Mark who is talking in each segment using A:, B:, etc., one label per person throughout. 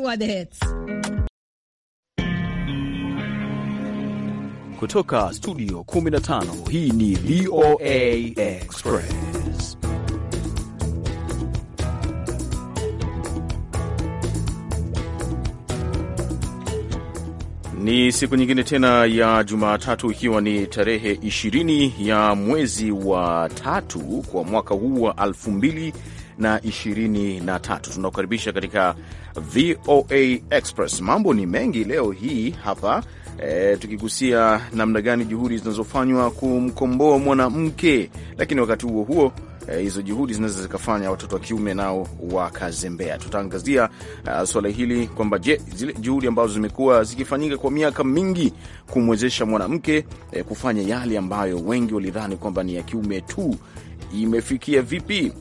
A: wa the hits
B: kutoka studio 15. Hii ni VOA Express. Ni siku nyingine tena ya Jumatatu, ikiwa ni tarehe 20 ya mwezi wa tatu kwa mwaka huu wa 2000 na 23 Tunakukaribisha katika VOA Express. Mambo ni mengi leo hii hapa e, tukigusia namna gani juhudi zinazofanywa kumkomboa mwanamke, lakini wakati huo huo eh, hizo juhudi zinaweza zikafanya watoto wa kiume nao wakazembea. Tutaangazia uh, ah, suala hili kwamba je, zile juhudi ambazo zimekuwa zikifanyika kwa miaka mingi kumwezesha mwanamke e, kufanya yale ambayo wengi walidhani kwamba ni ya kiume tu imefikia vipi?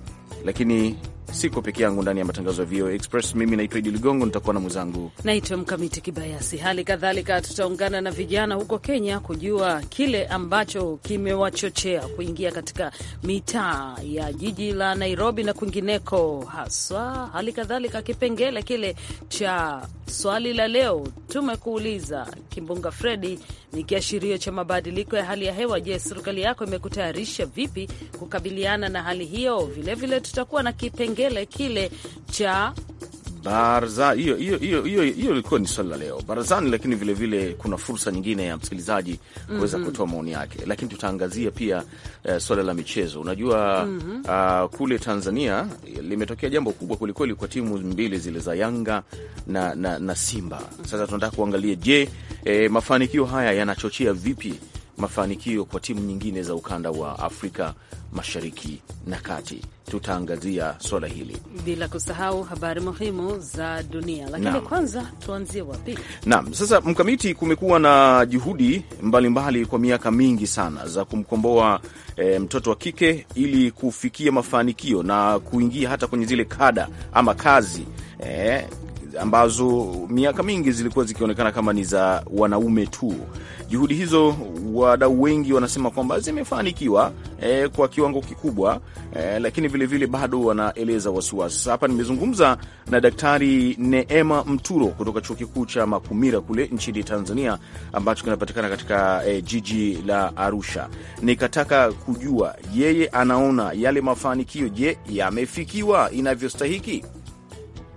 B: lakini siko peke yangu ndani ya matangazo ya VOA Express. Mimi naitwa Idi Ligongo, nitakuwa na mwenzangu
C: naitwa Mkamiti Kibayasi. Hali kadhalika tutaungana na vijana huko Kenya kujua kile ambacho kimewachochea kuingia katika mitaa ya jiji la Nairobi na kwingineko, haswa hali kadhalika kipengele kile cha swali la leo. Tumekuuliza, kimbunga Fredi ni kiashirio cha mabadiliko ya hali ya hewa. Je, serikali yako imekutayarisha vipi kukabiliana na hali hiyo? Vilevile tutakuwa na kipengele kipengele kile cha
B: baraza hiyo hiyo hiyo hiyo hiyo ilikuwa ni swali la leo barazani, lakini vilevile vile kuna fursa nyingine ya msikilizaji kuweza mm -hmm. kutoa maoni yake, lakini tutaangazia pia eh, swala la michezo. Unajua mm -hmm. uh, kule Tanzania limetokea jambo kubwa kwelikweli kwa timu mbili zile za Yanga na, na, na Simba. Mhm. Sasa tunataka kuangalia je, eh, mafanikio haya yanachochea vipi mafanikio kwa timu nyingine za ukanda wa Afrika Mashariki na Kati. Tutaangazia swala hili
C: bila kusahau habari muhimu za dunia, lakini naam. kwanza tuanzie wapi?
B: Naam, sasa Mkamiti, kumekuwa na juhudi mbalimbali mbali kwa miaka mingi sana za kumkomboa e, mtoto wa kike ili kufikia mafanikio na kuingia hata kwenye zile kada ama kazi e, ambazo miaka mingi zilikuwa zikionekana kama ni za wanaume tu. Juhudi hizo wadau wengi wanasema kwamba zimefanikiwa e, kwa kiwango kikubwa e, lakini vilevile vile bado wanaeleza wasiwasi. Sasa hapa nimezungumza na Daktari Neema Mturo kutoka chuo kikuu cha Makumira kule nchini Tanzania ambacho kinapatikana katika e, jiji la Arusha. Nikataka kujua yeye anaona yale mafanikio, je, yamefikiwa inavyostahiki?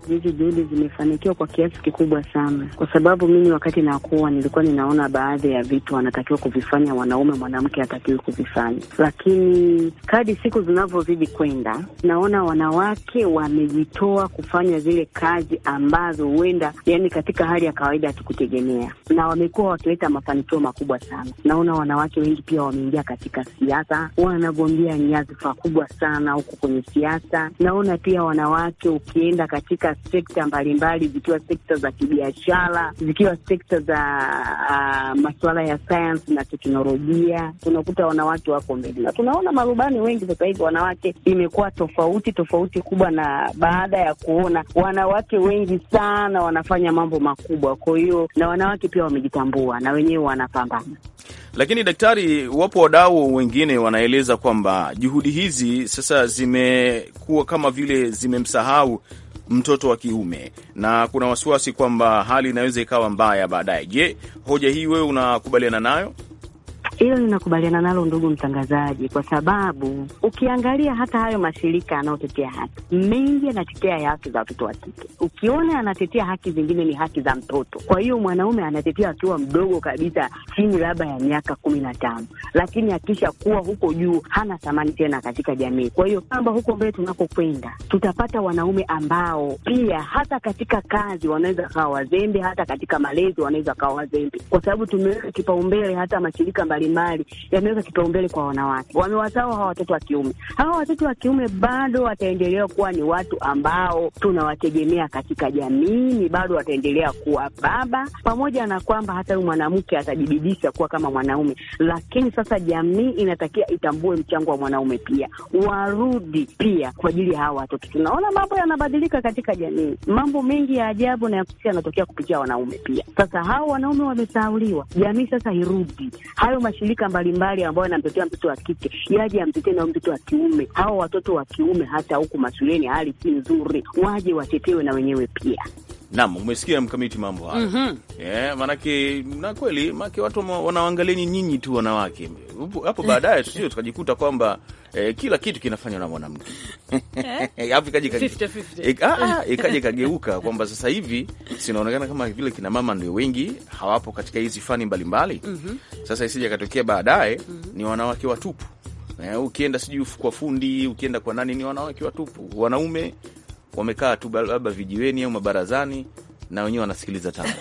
D: hizi juhudi zimefanikiwa kwa kiasi kikubwa sana, kwa sababu mimi wakati nakuwa nilikuwa ninaona baadhi ya vitu wanatakiwa kuvifanya wanaume, mwanamke hatakiwi kuvifanya, lakini kadi siku zinavyozidi kwenda, naona wanawake wamejitoa kufanya zile kazi ambazo huenda, yani, katika hali ya kawaida hatukutegemea, na wamekuwa wakileta mafanikio makubwa sana. Naona wanawake wengi pia wameingia katika siasa, wanagombea nyadhifa kubwa sana huku kwenye siasa. Naona pia wanawake, ukienda katika sekta mbalimbali, zikiwa sekta za kibiashara, zikiwa sekta za uh, masuala ya sayansi na teknolojia, tunakuta wanawake wako mbele, na tunaona marubani wengi sasa hivi wanawake, imekuwa tofauti tofauti kubwa, na baada ya kuona wanawake wengi sana wanafanya mambo makubwa, kwa hiyo na wanawake pia wamejitambua na wenyewe wanapambana.
B: Lakini daktari, wapo wadau wengine wanaeleza kwamba juhudi hizi sasa zimekuwa kama vile zimemsahau mtoto wa kiume, na kuna wasiwasi kwamba hali inaweza ikawa mbaya baadaye. Je, hoja hii wewe unakubaliana nayo?
D: Hilo ninakubaliana nalo, ndugu mtangazaji, kwa sababu ukiangalia hata hayo mashirika yanayotetea haki mengi yanatetea ya haki za watoto wa kike. Ukiona anatetea haki zingine ni haki za mtoto. Kwa hiyo mwanaume anatetea akiwa mdogo kabisa, chini labda ya miaka kumi na tano, lakini akisha kuwa huko juu hana thamani tena katika jamii. Kwa hiyo kwamba huko mbele tunakokwenda tutapata wanaume ambao pia hata katika kazi wanaweza kawa wazembe, hata katika malezi wanaweza kawa wazembe, kwa sababu tumeweka kipaumbele hata mashirika mbali mbalimbali yameweka kipaumbele kwa wanawake, wamewazaa hawa watoto wa kiume. Hawa watoto wa kiume bado wataendelea kuwa ni watu ambao tunawategemea katika jamii, ni bado wataendelea kuwa baba, pamoja na kwamba hata huyu mwanamke atajibidisha kuwa kama mwanaume, lakini sasa jamii inatakiwa itambue mchango wa mwanaume pia, warudi pia kwa ajili ya hawa watoto. Tunaona mambo yanabadilika katika jamii, mambo mengi ya ajabu na ya kusikia yanatokea kupitia wanaume pia. Sasa hawa wanaume wamesahauliwa, jamii sasa irudi hayo mashirika mbalimbali ambayo yanamtetea mtoto wa kike yaje yamtetee nao mtoto wa kiume. Hao watoto wa kiume hata huku mashuleni hali si nzuri, waje watetewe na wenyewe pia.
B: Nam, umesikia mkamiti mambo hayo. mm -hmm. Yeah, manake na kweli make watu wanawaangalieni nyinyi tu wanawake, hapo baadaye tusio tukajikuta kwamba eh, kila kitu kinafanywa na mwanamke eh? Eh, hapo eh, ah, ah, ikaja ikageuka kwamba sasa hivi sinaonekana kama vile kina mama ndio wengi hawapo katika hizi fani mbalimbali mbali. mm -hmm. Sasa isija katokea baadaye mm -hmm. ni wanawake watupu. Ukienda sijui kwa fundi, ukienda kwa nani, ni wanawake watupu. Wanaume wamekaa tu labda vijiweni au mabarazani na wenyewe wanasikiliza tana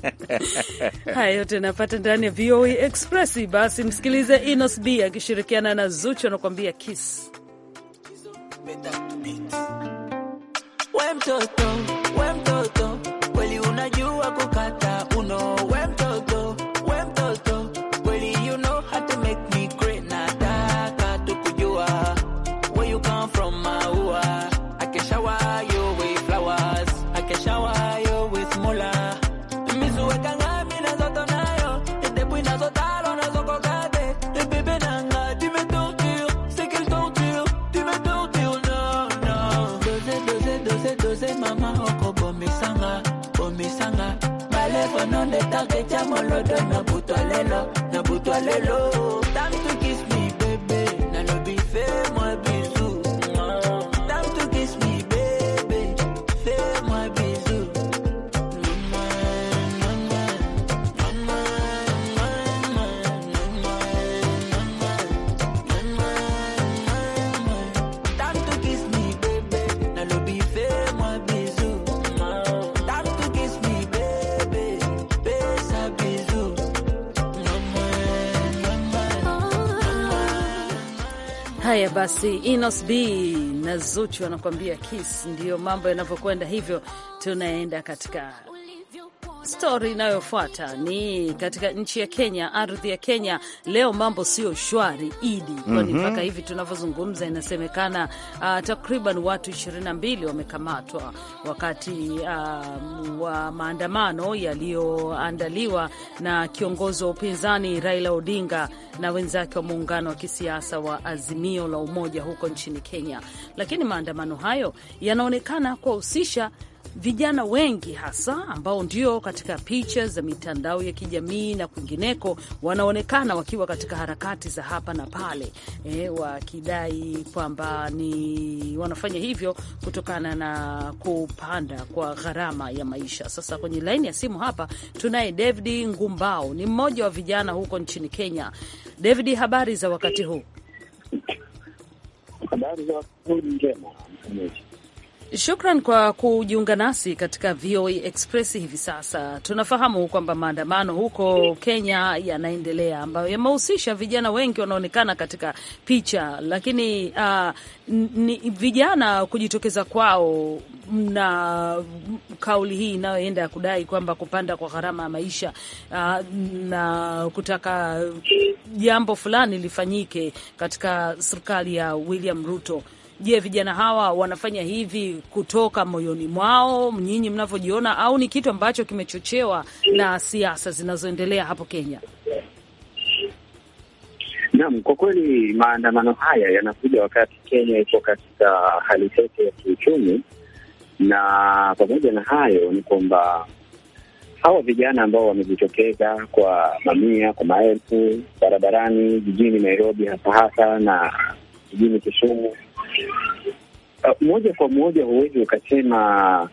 B: Haya
C: yote napata ndani ya VOA e Express. Basi msikilize Inos B akishirikiana na Zuchu anakuambia kiss
E: Naita molodo na butwa lelo, na butwa lelo
C: basi Inos B na Zuchu anakuambia kiss. Ndiyo mambo yanavyokwenda hivyo, tunaenda katika Stori inayofuata ni katika nchi ya Kenya, ardhi ya Kenya. Leo mambo sio shwari idi, kwani mhm. mpaka mm -hmm. hivi tunavyozungumza inasemekana uh, takriban watu 22 wamekamatwa wakati uh, wa maandamano yaliyoandaliwa na kiongozi wa upinzani Raila Odinga na wenzake wa muungano wa kisiasa wa Azimio la Umoja huko nchini Kenya, lakini maandamano hayo yanaonekana kuwahusisha vijana wengi hasa ambao ndio katika picha za mitandao ya kijamii na kwingineko wanaonekana wakiwa katika harakati za hapa na pale e, wakidai kwamba ni wanafanya hivyo kutokana na kupanda kwa gharama ya maisha. Sasa kwenye laini ya simu hapa tunaye David Ngumbao, ni mmoja wa vijana huko nchini Kenya. David, habari za wakati huu? Habari
F: za wakati huu njema
C: Shukran kwa kujiunga nasi katika VOA e Express. Hivi sasa tunafahamu kwamba maandamano huko Kenya yanaendelea ambayo yamehusisha vijana wengi wanaonekana katika picha, lakini uh, ni vijana kujitokeza kwao na kauli hii inayoenda ya kudai kwamba kupanda kwa gharama ya maisha uh, na kutaka jambo fulani lifanyike katika serikali ya William Ruto. Je, vijana hawa wanafanya hivi kutoka moyoni mwao nyinyi mnavyojiona, au ni kitu ambacho kimechochewa na siasa zinazoendelea hapo Kenya?
F: Naam, kwa kweli maandamano haya yanakuja wakati Kenya iko katika hali tete ya kiuchumi, na pamoja na hayo ni kwamba hawa vijana ambao wamejitokeza kwa mamia, kwa maelfu barabarani jijini Nairobi hasa hasa na jijini Kisumu Uh, moja kwa moja huwezi ukasema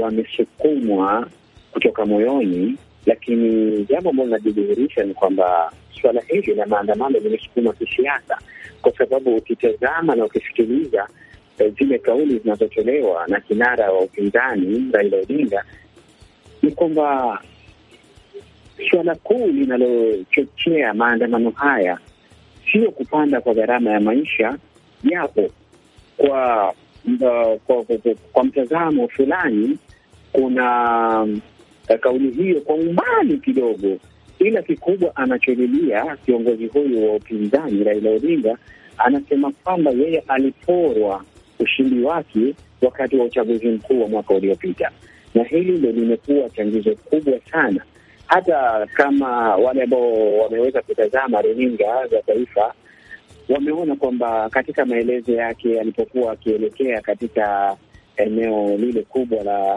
F: wamesukumwa kutoka moyoni, lakini jambo ambalo linajidhihirisha ni kwamba suala hili la maandamano limesukumwa kisiasa, kwa sababu ukitazama na ukisikiliza eh, zile kauli zinazotolewa na kinara wa upinzani Raila Odinga ni kwamba suala kuu linalochochea maandamano haya sio kupanda kwa gharama ya maisha, japo kwa, kwa, uh, kwa, kwa, kwa, kwa mtazamo fulani kuna eh, kauli hiyo kwa umbali kidogo, ila kikubwa anacholilia kiongozi huyu wa upinzani Raila Odinga anasema kwamba yeye aliporwa ushindi wake wakati wa uchaguzi mkuu wa mwaka uliopita, na hili ndo limekuwa changizo kubwa sana, hata kama wale ambao wameweza kutazama runinga za taifa wameona kwamba katika maelezo yake alipokuwa akielekea katika eneo lile kubwa la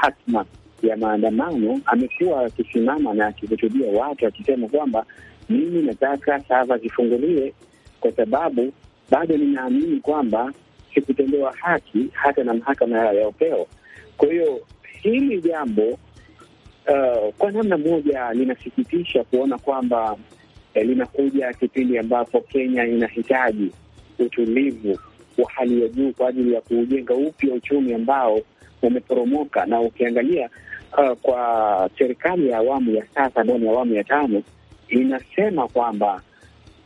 F: hatma ya maandamano, amekuwa akisimama na akihutubia watu akisema kwamba mimi nataka sava zifunguliwe kwa sababu bado ninaamini kwamba sikutendewa haki hata na mahakama ya upeo. Kwa hiyo hili jambo uh, kwa namna moja linasikitisha kuona kwamba Eh, linakuja kipindi ambapo Kenya inahitaji utulivu wa hali ya juu kwa ajili ya kuujenga upya uchumi ambao umeporomoka. Na ukiangalia uh, kwa serikali ya awamu ya sasa ambayo ni awamu ya tano inasema kwamba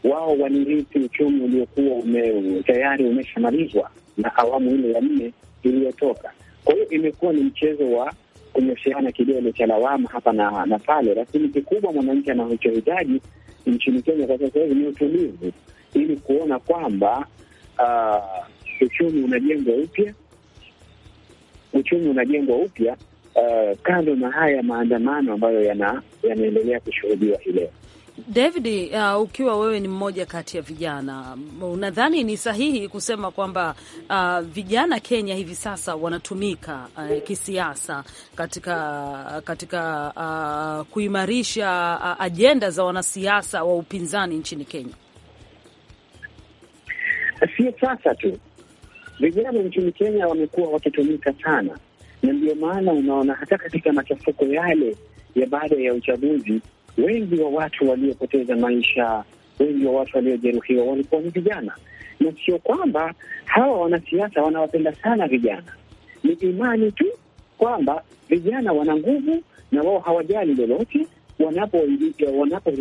F: wao wanirithi uchumi uliokuwa ume, tayari umeshamalizwa na awamu ile ya nne iliyotoka. Kwa hiyo imekuwa ni mchezo wa kunyosheana kidole cha lawama hapa na, na pale, lakini kikubwa mwananchi anachohitaji nchini Kenya kwa sasa hivi ni utulivu, ili kuona kwamba uh, uchumi unajengwa upya, uchumi unajengwa upya uh, kando na haya maandamano ambayo yanaendelea yana kushuhudiwa hii leo.
C: David, uh, ukiwa wewe ni mmoja kati ya vijana, unadhani ni sahihi kusema kwamba uh, vijana Kenya hivi sasa wanatumika uh, kisiasa katika, katika uh, kuimarisha uh, ajenda za wanasiasa wa upinzani nchini Kenya?
F: Sio sasa tu, vijana nchini Kenya wamekuwa wakitumika sana, na ndio maana unaona hata katika machafuko yale ya baada ya uchaguzi wengi wa watu waliopoteza maisha, wengi wa watu waliojeruhiwa walikuwa ni vijana, na sio kwamba hawa wanasiasa wanawapenda sana vijana. Ni imani tu kwamba vijana wana nguvu na wao hawajali lolote. Wanapohitajika wanapo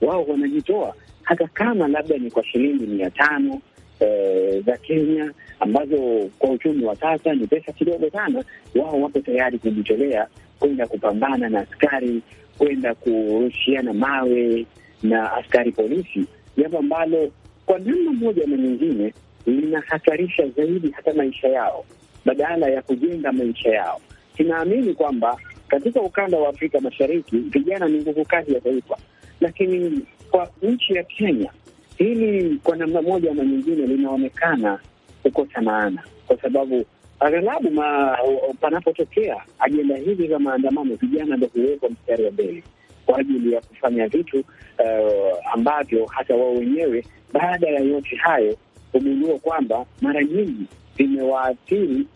F: wao wanajitoa, hata kama labda ni kwa shilingi mia tano E, za Kenya ambazo kwa uchumi wa sasa ni pesa kidogo sana. Wao wako tayari kujitolea kwenda kupambana na askari kwenda kurushiana mawe na askari polisi, jambo ambalo kwa namna moja ama nyingine linahatarisha zaidi hata maisha yao badala ya kujenga maisha yao. Tunaamini kwamba katika ukanda wa Afrika Mashariki vijana ni nguvu kazi ya taifa, lakini kwa nchi ya Kenya hili kwa namna moja ama nyingine linaonekana kukosa maana, kwa sababu aghalabu panapotokea ajenda hizi za maandamano, vijana ndo huwekwa mstari wa mbele kwa ajili ya kufanya vitu uh, ambavyo hata wao wenyewe baada ya yote hayo hugundua kwamba mara nyingi vimewaathiri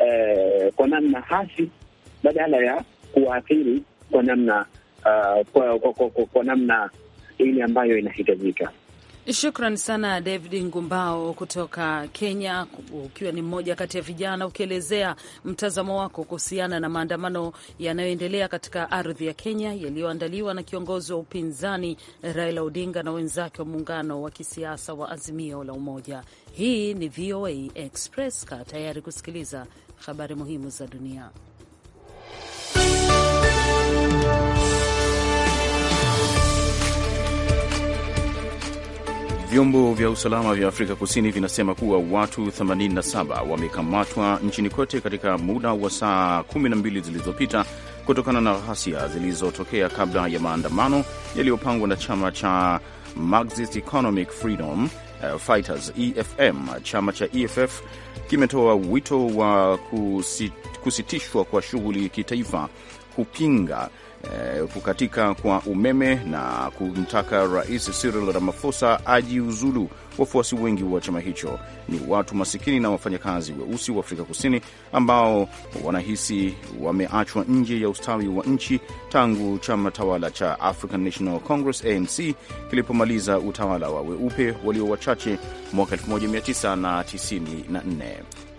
F: uh, kwa namna hasi badala ya kuwaathiri kwa namna uh, kwa, kwa, kwa, kwa, kwa namna ile ambayo inahitajika.
C: Shukran sana David Ngumbao kutoka Kenya, ukiwa ni mmoja kati ya vijana, ukielezea mtazamo wako kuhusiana na maandamano yanayoendelea katika ardhi ya Kenya yaliyoandaliwa na kiongozi wa upinzani Raila Odinga na wenzake wa muungano wa kisiasa wa Azimio la Umoja. Hii ni VOA Express. ka tayari kusikiliza habari muhimu za dunia.
B: Vyombo vya usalama vya Afrika Kusini vinasema kuwa watu 87 wamekamatwa nchini kote katika muda wa saa 12 zilizopita kutokana na ghasia zilizotokea kabla ya maandamano yaliyopangwa na chama cha Marxist Economic Freedom eh, Fighters EFM. Chama cha EFF kimetoa wito wa kusitishwa kwa shughuli kitaifa kupinga eh, kukatika kwa umeme na kumtaka Rais Cyril Ramaphosa ajiuzulu Wafuasi wengi wa chama hicho ni watu masikini na wafanyakazi weusi wa Afrika Kusini ambao wanahisi wameachwa nje ya ustawi wa nchi tangu chama tawala cha African National Congress ANC kilipomaliza utawala wa weupe walio wachache mwaka 1994.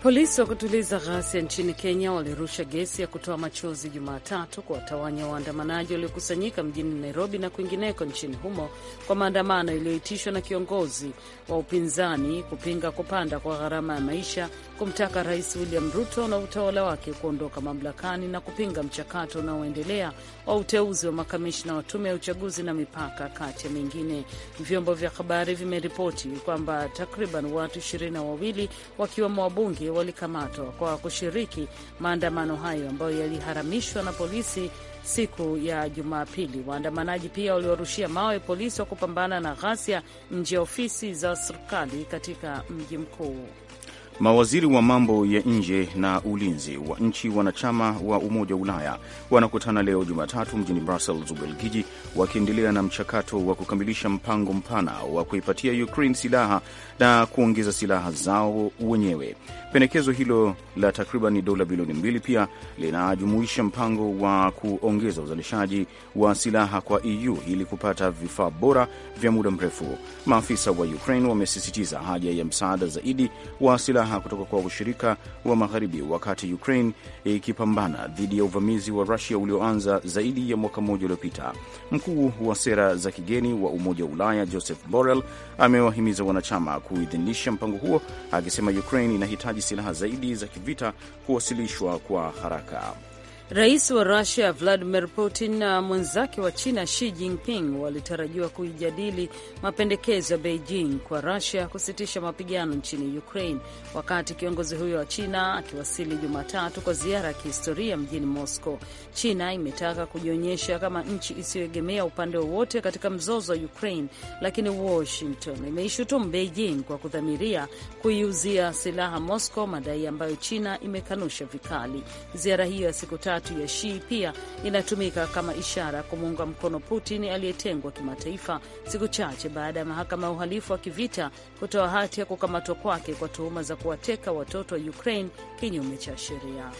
C: Polisi wa kutuliza ghasia nchini Kenya walirusha gesi ya kutoa machozi Jumatatu kuwatawanya waandamanaji waliokusanyika mjini Nairobi na kwingineko nchini humo kwa maandamano yaliyoitishwa na kiongozi wa upinzani kupinga kupanda kwa gharama ya maisha, kumtaka Rais William Ruto na utawala wake kuondoka mamlakani na kupinga mchakato unaoendelea wa uteuzi wa makamishna wa tume ya uchaguzi na mipaka, kati ya mengine. Vyombo vya habari vimeripoti kwamba takriban watu ishirini na wawili wakiwemo wabunge walikamatwa kwa kushiriki maandamano hayo ambayo yaliharamishwa na polisi siku ya Jumapili. Waandamanaji pia waliorushia mawe polisi wa kupambana na ghasia nje ya ofisi za serikali katika mji mkuu.
B: Mawaziri wa mambo ya nje na ulinzi wa nchi wanachama wa Umoja wa Ulaya wanakutana leo Jumatatu mjini Brussels, Ubelgiji, wakiendelea na mchakato wa kukamilisha mpango mpana wa kuipatia Ukraine silaha na kuongeza silaha zao wenyewe. Pendekezo hilo la takriban dola bilioni mbili pia linajumuisha mpango wa kuongeza uzalishaji wa silaha kwa EU ili kupata vifaa bora vya muda mrefu. Maafisa wa Ukraine wamesisitiza haja ya msaada zaidi wa silaha kutoka kwa ushirika wa Magharibi, wakati Ukraine ikipambana dhidi ya uvamizi wa Rusia ulioanza zaidi ya mwaka mmoja uliopita. Mkuu wa sera za kigeni wa Umoja wa Ulaya Joseph Borrell amewahimiza wanachama kuidhinisha mpango huo, akisema Ukraine inahitaji silaha zaidi za kivita kuwasilishwa kwa haraka.
C: Rais wa Rusia Vladimir Putin na mwenzake wa China Xi Jinping walitarajiwa kuijadili mapendekezo ya Beijing kwa Rusia kusitisha mapigano nchini Ukraine, wakati kiongozi huyo wa China akiwasili Jumatatu kwa ziara ya kihistoria mjini Moscow. China imetaka kujionyesha kama nchi isiyoegemea upande wowote katika mzozo wa Ukraine, lakini Washington imeishutumu Beijing kwa kudhamiria kuiuzia silaha Moscow, madai ambayo China imekanusha vikali. Ziara hiyo ya siku tatu tatu ya Shii pia inatumika kama ishara ya kumuunga mkono Putin aliyetengwa kimataifa, siku chache baada ya mahakama ya uhalifu wa kivita kutoa hati ya kukamatwa kwake kwa tuhuma za kuwateka watoto wa Ukraine kinyume cha sheria.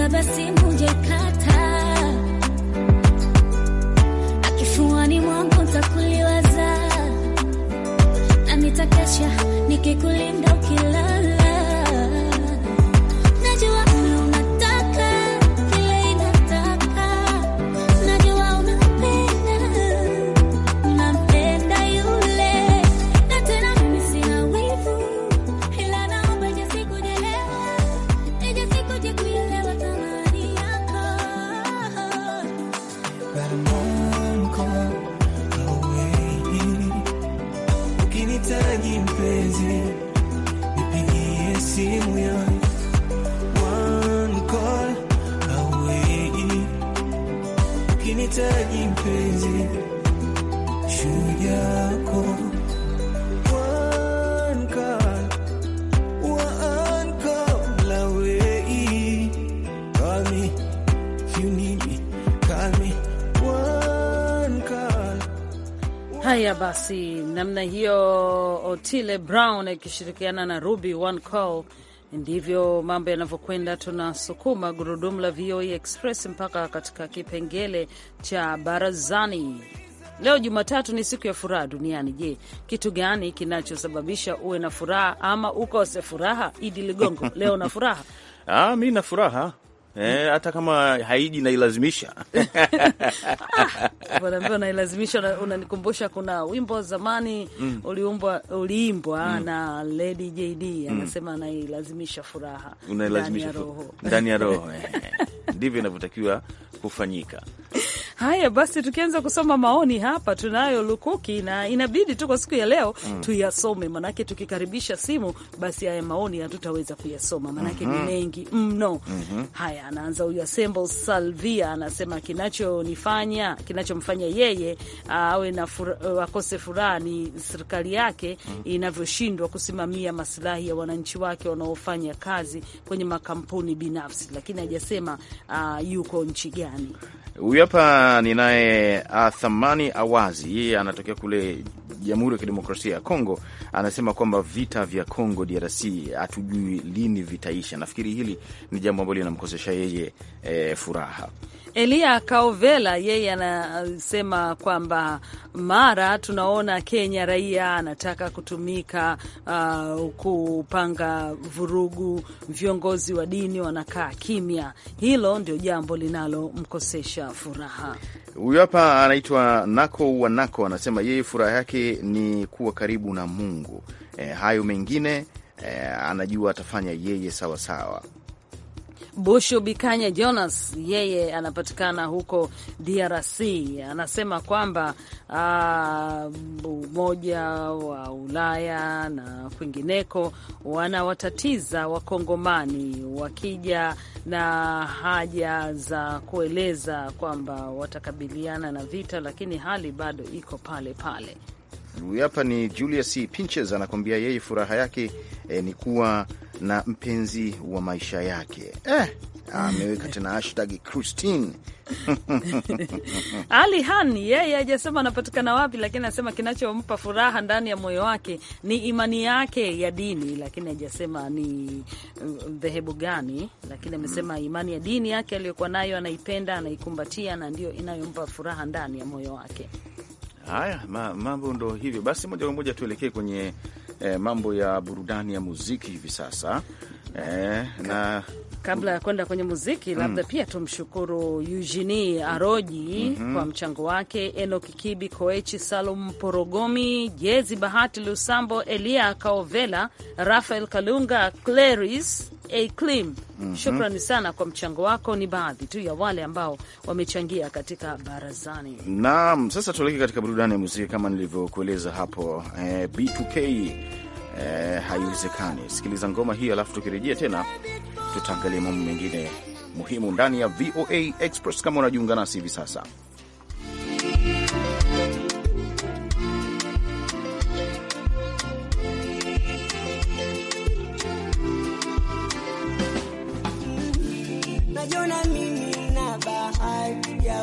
C: tabasamu jekata akifuani
A: mwangu ntakuliwaza na nitakesha nikikulinda ukila
C: Haya basi, namna hiyo, Otile Brown akishirikiana na Ruby One Call. Ndivyo mambo yanavyokwenda. Tunasukuma gurudumu la VOA e Express mpaka katika kipengele cha barazani. Leo Jumatatu ni siku ya furaha duniani. Je, kitu gani kinachosababisha uwe na furaha ama ukose furaha? Idi Ligongo, leo na furaha?
B: Ah, mi na furaha Eh, hata kama haiji nailazimisha
C: naambia nailazimisha. Unanikumbusha kuna wimbo zamani mm. uliumbwa uliimbwa mm. na Lady JD anasema mm. nailazimisha furaha ndani ya roho, ndani ya roho eh.
B: ndivyo inavyotakiwa kufanyika.
C: Haya basi, tukianza kusoma maoni hapa, tunayo lukuki na inabidi tu kwa siku ya leo mm. tuyasome, manake tukikaribisha simu, basi haya maoni hatutaweza kuyasoma, manake ni mm -hmm. mengi mno mm -hmm. Haya, anaanza huyu Asembo Salvia, anasema kinachonifanya kinachomfanya yeye uh, awe na fura, uh, akose furaha ni serikali yake mm. inavyoshindwa kusimamia masilahi ya wananchi wake wanaofanya kazi kwenye makampuni binafsi, lakini hajasema uh, yuko nchi gani.
B: Huyu hapa ninaye Athamani ah, Awazi, yeye anatokea kule Jamhuri ya Kidemokrasia ya Kongo. Anasema kwamba vita vya Kongo DRC hatujui lini vitaisha. Nafikiri hili ni jambo ambalo linamkosesha yeye e, furaha
C: Elia Kaovela yeye anasema kwamba mara tunaona Kenya raia anataka kutumika uh, kupanga vurugu, viongozi wa dini wanakaa kimya. Hilo ndio jambo linalomkosesha furaha.
B: Huyu hapa anaitwa Nako Wanako, anasema yeye furaha yake ni kuwa karibu na Mungu. E, hayo mengine e, anajua atafanya yeye sawasawa sawa.
C: Bushu Bikanya Jonas yeye anapatikana huko DRC, anasema kwamba ah, Umoja wa Ulaya na kwingineko wanawatatiza Wakongomani wakija na haja za kueleza kwamba watakabiliana na vita, lakini hali bado iko pale pale.
B: Huyu hapa ni Julius Pinches anakuambia yeye furaha yake eh, ni kuwa na mpenzi wa maisha yake eh, ameweka tena hashtag Christine
C: Ali Han yeye hajasema anapatikana wapi, lakini anasema kinachompa furaha ndani ya moyo wake ni imani yake ya dini, lakini hajasema ni uh, dhehebu gani, lakini amesema mm. imani ya dini yake aliyokuwa nayo anaipenda, anaikumbatia na ndio inayompa furaha ndani ya moyo wake.
B: Haya, ma, mambo ndo hivyo basi. Moja kwa moja tuelekee kwenye eh, mambo ya burudani ya muziki hivi sasa eh, na
C: kabla ya kwenda kwenye muziki mm. labda mm. pia tumshukuru Eugenie Aroji mm -hmm. kwa mchango wake, Enok Kibi Koechi, Salum Porogomi, Jezi Bahati Lusambo, Elia Kaovela, Rafael Kalunga, Claris A Clim, mm -hmm. Shukrani sana kwa mchango wako. Ni baadhi tu ya wale ambao wamechangia katika barazani.
B: Naam, sasa tuelekee katika burudani ya muziki kama nilivyokueleza hapo eh, B2K eh, haiwezekani. Sikiliza ngoma hii alafu tukirejea tena tutaangalia mambo mengine muhimu ndani ya VOA Express kama unajiunga nasi hivi sasa.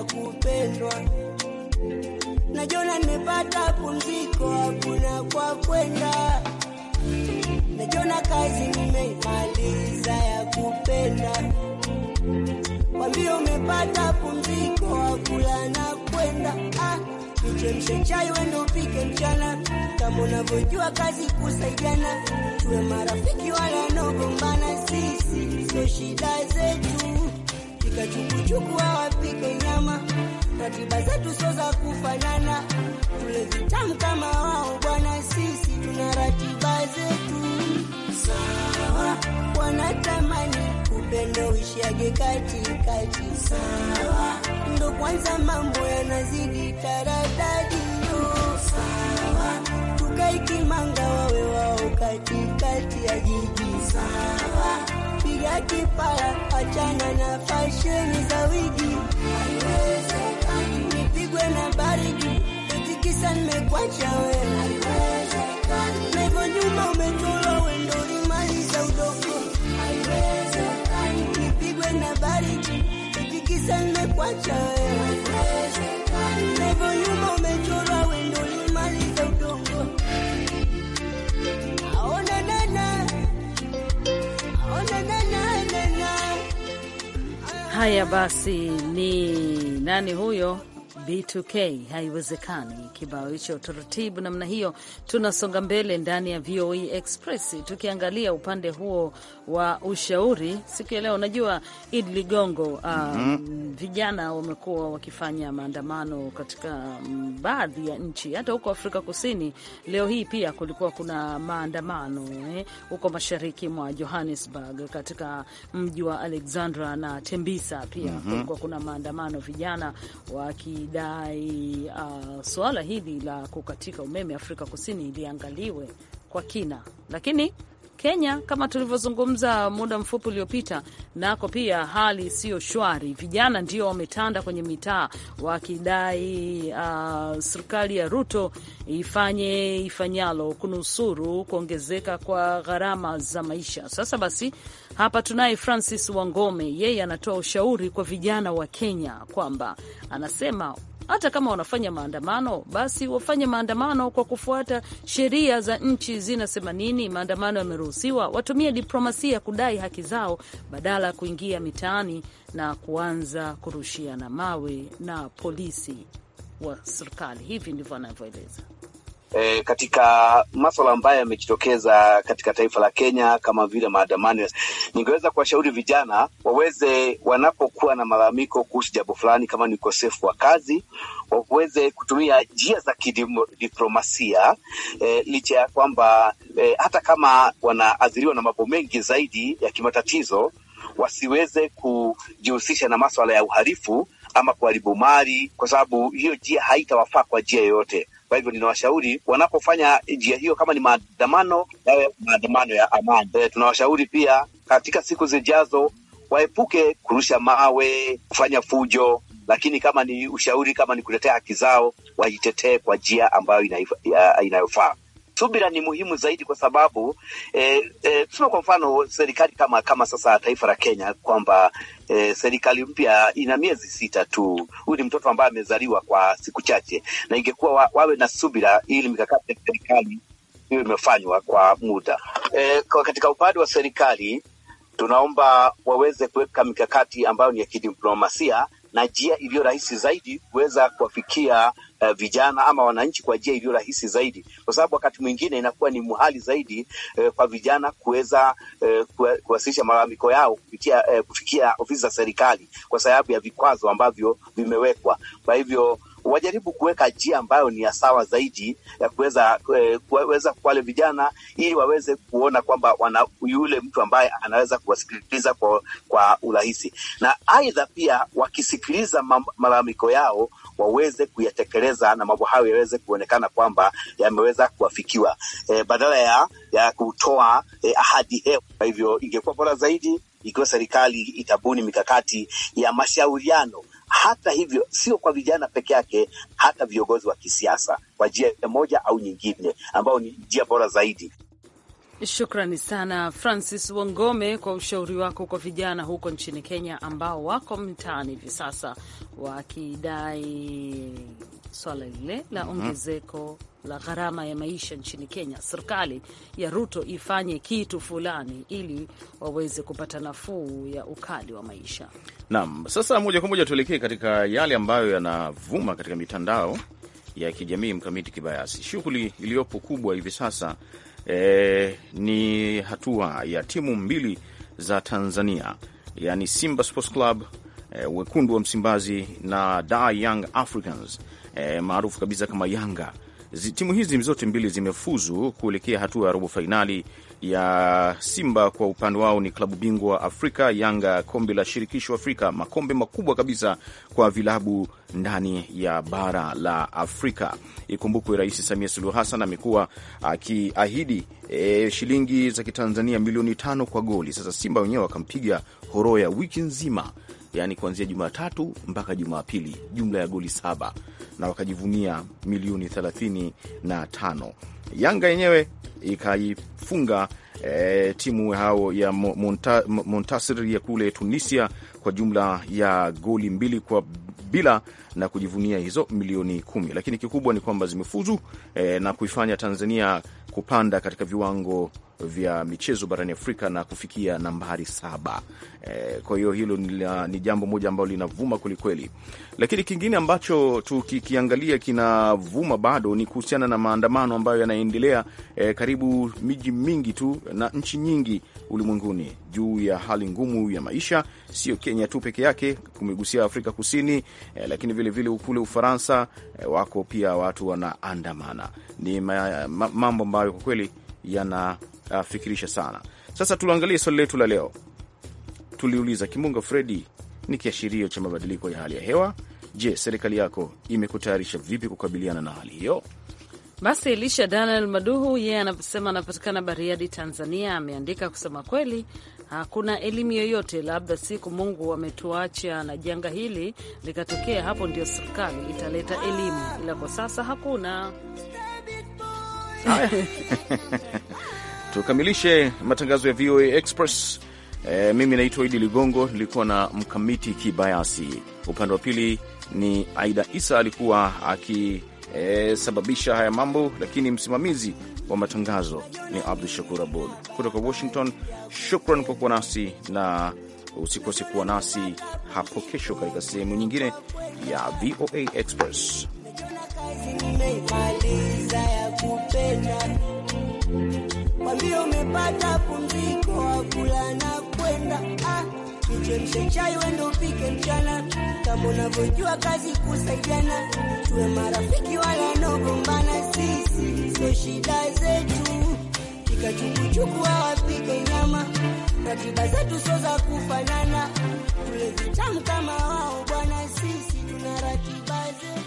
A: kupendwa, najona nimepata pumziko, hakuna kwa kwenda, najona kazi nimemaliza ya kupenda, wambio umepata pumziko, hakula na kwenda ah. Nichemshe chai wende upike mchana, kama unavyojua kazi kusaidiana, tuwe marafiki wala nogombana, sisi sio shida zetu wapike chukuchuku, wawapike nyama. Ratiba zetu sio za kufanana, tule vitamu kama wao bwana, sisi tuna ratiba zetu sawa. Wanatamani upendo uishiage katikati, sawa, ndo kwanza mambo yanazidi taradadi na kipara, achana na fasheni za wigi, nipigwe na baridi eti kisa nimekuacha wewe, naivo nyuma umetolo wendori mali za udogo, nipigwe na baridi eti nimekwacha we naivo nyuma umetolo
C: Haya basi, ni nani huyo? B2K, haiwezekani. Kibao hicho taratibu namna hiyo. Tunasonga mbele ndani ya voe Express tukiangalia upande huo wa ushauri siku ya leo. Unajua id Ligongo, um, mm -hmm. vijana wamekuwa wakifanya maandamano katika mm, baadhi ya nchi, hata huko Afrika Kusini. Leo hii pia kulikuwa kuna maandamano eh, huko mashariki mwa Johannesburg, katika mji wa Alexandra na Tembisa pia mm -hmm. kulikuwa kuna maandamano, vijana wakidai uh, suala hili la kukatika umeme Afrika Kusini iliangaliwe kwa kina, lakini Kenya kama tulivyozungumza muda mfupi uliopita, nako pia hali siyo shwari. Vijana ndio wametanda kwenye mitaa wakidai uh, serikali ya Ruto ifanye ifanyalo kunusuru kuongezeka kwa gharama za maisha. Sasa basi, hapa tunaye Francis Wangome, yeye anatoa ushauri kwa vijana wa Kenya kwamba anasema hata kama wanafanya maandamano, basi wafanye maandamano kwa kufuata sheria za nchi zinasema nini. Maandamano yameruhusiwa, watumie diplomasia kudai haki zao, badala ya kuingia mitaani na kuanza kurushiana mawe na polisi wa serikali. Hivi ndivyo anavyoeleza.
G: E, katika maswala ambayo yamejitokeza katika taifa la Kenya kama vile maandamano, ningeweza kuwashauri vijana waweze, wanapokuwa na malalamiko kuhusu jambo fulani, kama ni ukosefu wa kazi, waweze kutumia njia za kidiplomasia e, licha ya kwamba e, hata kama wanaathiriwa na mambo mengi zaidi ya kimatatizo, wasiweze kujihusisha na maswala ya uhalifu ama kuharibu mali, kwa sababu hiyo njia haitawafaa kwa njia yoyote. Kwa hivyo ninawashauri wanapofanya njia hiyo, kama ni maandamano, yawe maandamano ya amani. E, tunawashauri pia katika siku zijazo waepuke kurusha mawe, kufanya fujo, lakini kama ni ushauri, kama ni kutetea haki zao, wajitetee kwa njia ambayo inayofaa subira ni muhimu zaidi kwa sababu eh, eh, tuseme kwa mfano serikali kama kama sasa taifa la Kenya kwamba eh, serikali mpya ina miezi sita tu. Huyu ni mtoto ambaye amezaliwa kwa siku chache, na ingekuwa wa, wawe na subira ili mikakati ya serikali hiyo imefanywa kwa muda eh, kwa katika upande wa serikali tunaomba waweze kuweka mikakati ambayo ni ya kidiplomasia na njia iliyo rahisi zaidi kuweza kuwafikia uh, vijana ama wananchi kwa njia iliyo rahisi zaidi, kwa sababu wakati mwingine inakuwa ni muhali zaidi uh, kwa vijana kuweza uh, kuwasilisha malalamiko yao kupitia uh, kufikia ofisi za serikali kwa sababu ya vikwazo ambavyo vimewekwa. Kwa hivyo wajaribu kuweka njia ambayo ni ya sawa zaidi ya kuweza eh, kuweza wale vijana, ili waweze kuona kwamba wana yule mtu ambaye anaweza kuwasikiliza kwa, kwa urahisi, na aidha pia wakisikiliza malalamiko yao waweze kuyatekeleza na mambo hayo yaweze kuonekana kwamba yameweza kuafikiwa, e, badala ya, ya kutoa e, ahadi hewa. Kwa hivyo ingekuwa bora zaidi ikiwa serikali itabuni mikakati ya mashauriano hata hivyo, sio kwa vijana peke yake, hata viongozi wa kisiasa, kwa njia moja au nyingine, ambao ni njia bora zaidi.
C: Shukrani sana Francis Wangome kwa ushauri wako kwa vijana huko nchini Kenya ambao wako mtaani hivi sasa wakidai swala lile la mhm. ongezeko la gharama ya maisha nchini Kenya. Serikali ya Ruto ifanye kitu fulani ili waweze kupata nafuu ya ukali wa maisha.
B: Naam, sasa moja kwa moja tuelekee katika yale ambayo yanavuma katika mitandao ya kijamii. Mkamiti Kibayasi, shughuli iliyopo kubwa hivi sasa e, ni hatua ya timu mbili za Tanzania, yani Simba Sports Club e, wekundu wa Msimbazi na Da Young Africans e, maarufu kabisa kama Yanga Timu hizi zote mbili zimefuzu kuelekea hatua ya robo fainali ya Simba kwa upande wao ni klabu bingwa Afrika, Yanga kombe la shirikisho Afrika, makombe makubwa kabisa kwa vilabu ndani ya bara la Afrika. Ikumbukwe Rais Samia Suluhu Hassan amekuwa akiahidi e, shilingi za kitanzania milioni tano kwa goli. Sasa Simba wenyewe wakampiga horoya wiki nzima yani kuanzia Jumatatu mpaka Jumapili, jumla ya goli saba na wakajivunia milioni 35. Yanga yenyewe ikaifunga e, timu hao ya Monta, Montasir ya kule Tunisia kwa jumla ya goli mbili kwa bila na kujivunia hizo milioni kumi, lakini kikubwa ni kwamba zimefuzu e, na kuifanya Tanzania kupanda katika viwango vya michezo barani Afrika na kufikia nambari saba. E, kwa hiyo hilo ni ni jambo moja ambalo linavuma kwelikweli, lakini kingine ambacho tukikiangalia kinavuma bado ni kuhusiana na maandamano ambayo yanaendelea e, karibu miji mingi tu na nchi nyingi ulimwenguni juu ya hali ngumu ya maisha. Sio Kenya tu peke yake, kumegusia Afrika Kusini e, lakini vilevile kule Ufaransa e, wako pia watu wanaandamana. Ni ma, ma, mambo ambayo kwa kweli yana uh, fikirisha sana. Sasa tuangalie swali letu la leo. Tuliuliza, kimbunga Fredi ni kiashirio cha mabadiliko ya hali ya hewa. Je, serikali yako imekutayarisha vipi kukabiliana na hali
F: hiyo?
C: Basi Elisha Daniel Maduhu yeye, yeah, anasema anapatikana Bariadi, Tanzania. Ameandika kusema kweli, hakuna elimu yoyote, labda siku Mungu ametuacha na janga hili likatokea, hapo ndio serikali italeta elimu, ila kwa sasa hakuna
B: tukamilishe matangazo ya VOA Express. E, mimi naitwa Idi Ligongo, nilikuwa na Mkamiti Kibayasi upande wa pili ni Aida Isa alikuwa akisababisha e, haya mambo, lakini msimamizi wa matangazo ni Abdu Shakur Abud kutoka Washington. Shukran kwa kuwa nasi na usikose kuwa nasi hapo kesho katika sehemu nyingine ya VOA Express
A: walio umepata pumziko wakula na kwenda ah, nichemshe chai wende upike mchana, kama unavyojua kazi kusaidiana, tuwe marafiki wala nogombana, sisi so shida zetu kikachukuchuku wawapike nyama, ratiba zetu so za kufanana, tule vitamu kama wao bwana, sisi tuna ratiba zetu.